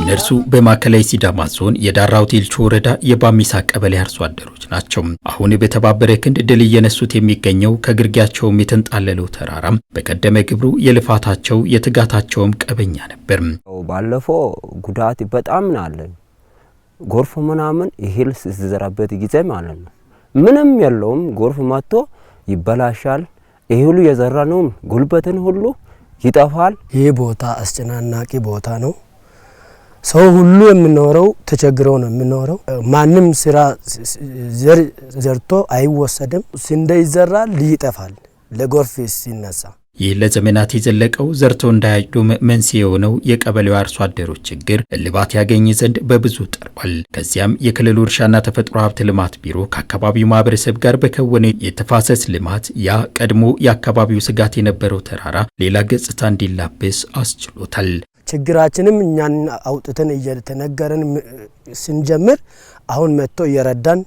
እነርሱ በማዕከላዊ ሲዳማ ዞን የዳራ ቴልቾ ወረዳ የባሚሳ ቀበሌ አርሶ አደሮች ናቸው። አሁን በተባበረ ክንድ ድል እየነሱት የሚገኘው ከግርጌያቸውም የተንጣለለው ተራራም በቀደመ ግብሩ የልፋታቸው የትጋታቸውም ቀበኛ ነበር። ባለፈው ጉዳት በጣም ናለን ጎርፍ ምናምን ይህል ስትዘራበት ጊዜ ማለት ነው ምንም የለውም። ጎርፍ መጥቶ ይበላሻል። እህሉ የዘራ ነውም ጉልበትን ሁሉ ይጠፋል። ይህ ቦታ አስጨናናቂ ቦታ ነው። ሰው ሁሉ የምኖረው ተቸግረው ነው የምኖረው። ማንም ስራ ዘር ዘርቶ አይወሰድም። ስንዴ ይዘራል፣ ይጠፋል ለጎርፍ ሲነሳ። ይህ ለዘመናት የዘለቀው ዘርቶ እንዳያጩም መንስኤ የሆነው የቀበሌው አርሶ አደሮች ችግር እልባት ያገኝ ዘንድ በብዙ ጠርቧል። ከዚያም የክልሉ እርሻና ተፈጥሮ ሀብት ልማት ቢሮ ከአካባቢው ማህበረሰብ ጋር በከወነ የተፋሰስ ልማት ያ ቀድሞ የአካባቢው ስጋት የነበረው ተራራ ሌላ ገጽታ እንዲላበስ አስችሎታል። ችግራችንም እኛን አውጥተን እየተነገረን ስንጀምር አሁን መጥቶ እየረዳን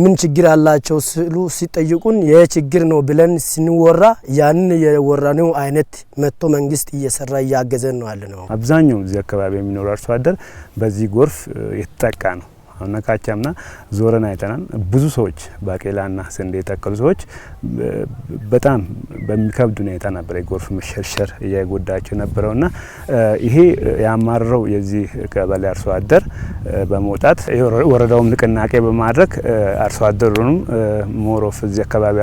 ምን ችግር ያላቸው ስሉ ሲጠይቁን ይህ ችግር ነው ብለን ስንወራ ያንን የወራነው አይነት መጥቶ መንግስት እየሰራ እያገዘን ነው ያለ ነው። አብዛኛው እዚህ አካባቢ የሚኖሩ አርሶ አደር በዚህ ጎርፍ የተጠቃ ነው። ነካቻምና ዞረን አይተናል። ብዙ ሰዎች ባቄላና ስንዴ የተከሉ ሰዎች በጣም በሚከብድ ሁኔታ ነበር የጎርፍ መሸርሸር እያጎዳቸው ነበረውና ይሄ ያማረው የዚህ ቀበሌ አርሶ አደር በመውጣት ወረዳውም ንቅናቄ በማድረግ አርሶ አደሩንም ሞሮፍ እዚህ አካባቢ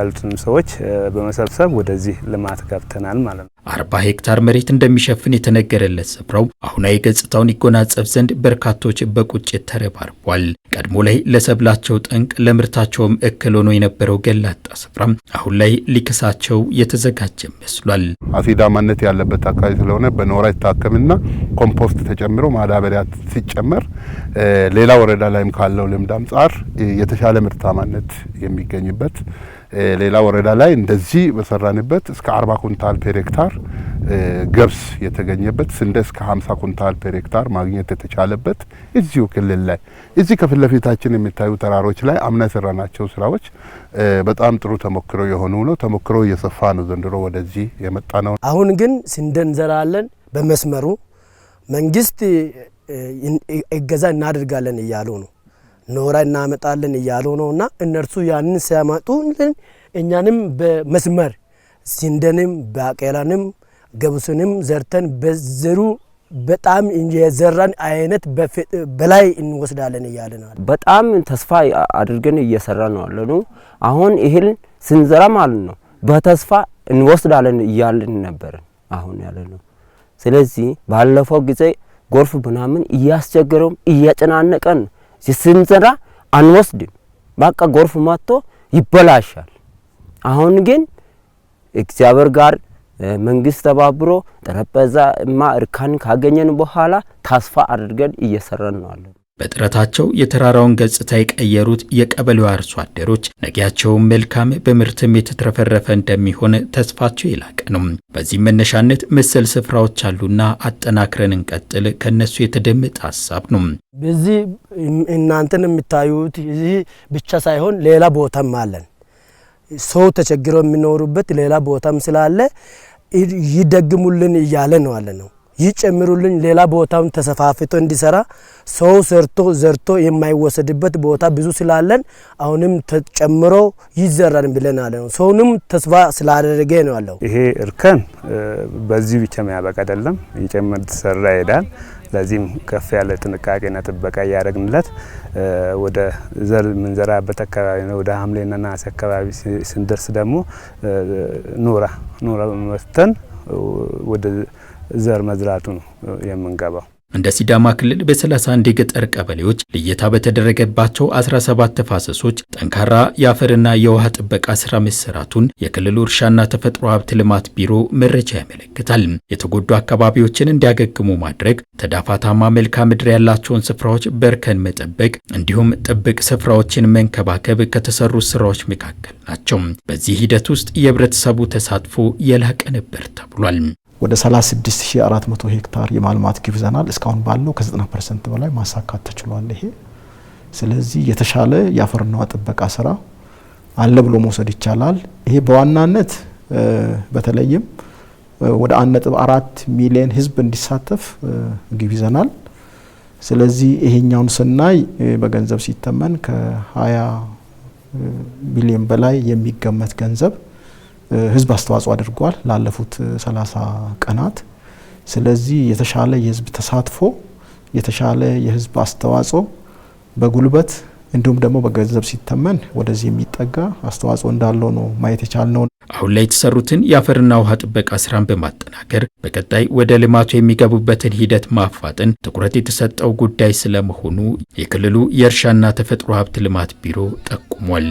ሰዎች በመሰብሰብ ወደዚህ ልማት ገብተናል ማለት ነው። አርባ ሄክታር መሬት እንደሚሸፍን የተነገረለት ስፍራው አሁናዊ ገጽታውን ይጎናጸፍ ዘንድ በርካቶች በቁጭት ተረባርቧል። ቀድሞ ላይ ለሰብላቸው ጠንቅ ለምርታቸውም እክል ሆኖ የነበረው ገላጣ ስፍራም አሁን ላይ ሊክሳቸው የተዘጋጀ መስሏል። አሲዳማነት ያለበት አካባቢ ስለሆነ በኖራ ይታከምና ኮምፖስት ተጨምሮ ማዳበሪያ ሲጨመር ሌላ ወረዳ ላይም ካለው ልምድ አንጻር የተሻለ ምርታማነት የሚገኝበት ሌላ ወረዳ ላይ እንደዚህ በሰራንበት እስከ 40 ኩንታል ፔር ሄክታር ገብስ የተገኘበት ስንዴ እስከ 50 ኩንታል ፔር ሄክታር ማግኘት የተቻለበት እዚሁ ክልል ላይ እዚህ ከፊት ለፊታችን የሚታዩ ተራሮች ላይ አምና የሰራናቸው ስራዎች በጣም ጥሩ ተሞክሮ የሆኑ ነው። ተሞክሮ እየሰፋ ነው ዘንድሮ ወደዚህ የመጣ ነው። አሁን ግን ስንዴ እንዘራለን በመስመሩ መንግስት እገዛ እናደርጋለን እያሉ ነው። ኖራ እናመጣለን እያሉ ነው እና እነርሱ ያንን ሲያመጡልን እኛንም በመስመር ስንዴንም ባቄላንም ገብሱንም ዘርተን በዘሩ በጣም የዘራን አይነት በላይ እንወስዳለን እያለ ነው። በጣም ተስፋ አድርገን እየሰራ ነው ያለኑ። አሁን ይህል ስንዘራ ማለት ነው በተስፋ እንወስዳለን እያልን ነበርን አሁን ያለ ነው። ስለዚህ ባለፈው ጊዜ ጎርፍ ምናምን እያስቸገረውም እያጨናነቀን ስንሰራ አንወስድም። በቃ ጎርፍ መጥቶ ይበላሻል። አሁን ግን እግዚአብሔር ጋር መንግስት ተባብሮ ጠረጴዛ እማ እርካን ካገኘን በኋላ ተስፋ አድርገን እየሰራን ነው አለ። በጥረታቸው የተራራውን ገጽታ የቀየሩት የቀበሌው አርሶ አደሮች ነጊያቸውን መልካም በምርትም የተትረፈረፈ እንደሚሆን ተስፋቸው የላቀ ነው። በዚህ መነሻነት መሰል ስፍራዎች አሉና አጠናክረን እንቀጥል ከነሱ የተደመጠ ሀሳብ ነው። በዚህ እናንተን የምታዩት ይህ ብቻ ሳይሆን ሌላ ቦታም አለን። ሰው ተቸግረው የሚኖሩበት ሌላ ቦታም ስላለ ይደግሙልን እያለ ነው አለ ነው ይጨምሩልኝ ሌላ ቦታውን ተሰፋፍቶ እንዲሰራ ሰው ሰርቶ ዘርቶ የማይወሰድበት ቦታ ብዙ ስላለን አሁንም ተጨምሮ ይዘራን ብለን አለ ነው። ሰውንም ተስፋ ስላደረገ ነው አለው። ይሄ እርከን በዚሁ ብቻ የሚያበቃ አይደለም፣ ይጨምር ተሰራ ይሄዳል። ለዚህም ከፍ ያለ ጥንቃቄና ጥበቃ እያደረግንለት ወደ ዘር የምንዘራበት አካባቢ ነው። ወደ ሐምሌና ነሐሴ አካባቢ ስንደርስ ደግሞ ኖራ ኖራ መፍተን ወደ ዘር መዝራቱ ነው የምንገባው። እንደ ሲዳማ ክልል በ31 የገጠር ቀበሌዎች ልየታ በተደረገባቸው 17 ተፋሰሶች ጠንካራ የአፈርና የውሃ ጥበቃ ስራ መሰራቱን የክልሉ እርሻና ተፈጥሮ ሀብት ልማት ቢሮ መረጃ ያመለክታል። የተጎዱ አካባቢዎችን እንዲያገግሙ ማድረግ፣ ተዳፋታማ መልክዓ ምድር ያላቸውን ስፍራዎች በርከን መጠበቅ እንዲሁም ጥብቅ ስፍራዎችን መንከባከብ ከተሰሩ ስራዎች መካከል ናቸው። በዚህ ሂደት ውስጥ የህብረተሰቡ ተሳትፎ የላቀ ነበር ተብሏል። ወደ 36400 ሄክታር የማልማት ግብ ይዘናል። እስካሁን ባለው ከ90 ፐርሰንት በላይ ማሳካት ተችሏል። ይሄ ስለዚህ የተሻለ የአፈርና ውሃ ጥበቃ ስራ አለ ብሎ መውሰድ ይቻላል። ይሄ በዋናነት በተለይም ወደ 1.4 ሚሊዮን ህዝብ እንዲሳተፍ ግብ ይዘናል። ስለዚህ ይሄኛውን ስናይ በገንዘብ ሲተመን ከ20 ቢሊዮን በላይ የሚገመት ገንዘብ ህዝብ አስተዋጽኦ አድርጓል ላለፉት 30 ቀናት። ስለዚህ የተሻለ የህዝብ ተሳትፎ የተሻለ የህዝብ አስተዋጽኦ በጉልበት እንዲሁም ደግሞ በገንዘብ ሲተመን ወደዚህ የሚጠጋ አስተዋጽኦ እንዳለው ነው ማየት የቻልነው። አሁን ላይ የተሰሩትን የአፈርና ውሃ ጥበቃ ስራን በማጠናከር በቀጣይ ወደ ልማቱ የሚገቡበትን ሂደት ማፋጠን ትኩረት የተሰጠው ጉዳይ ስለመሆኑ የክልሉ የእርሻና ተፈጥሮ ሀብት ልማት ቢሮ ጠቁሟል።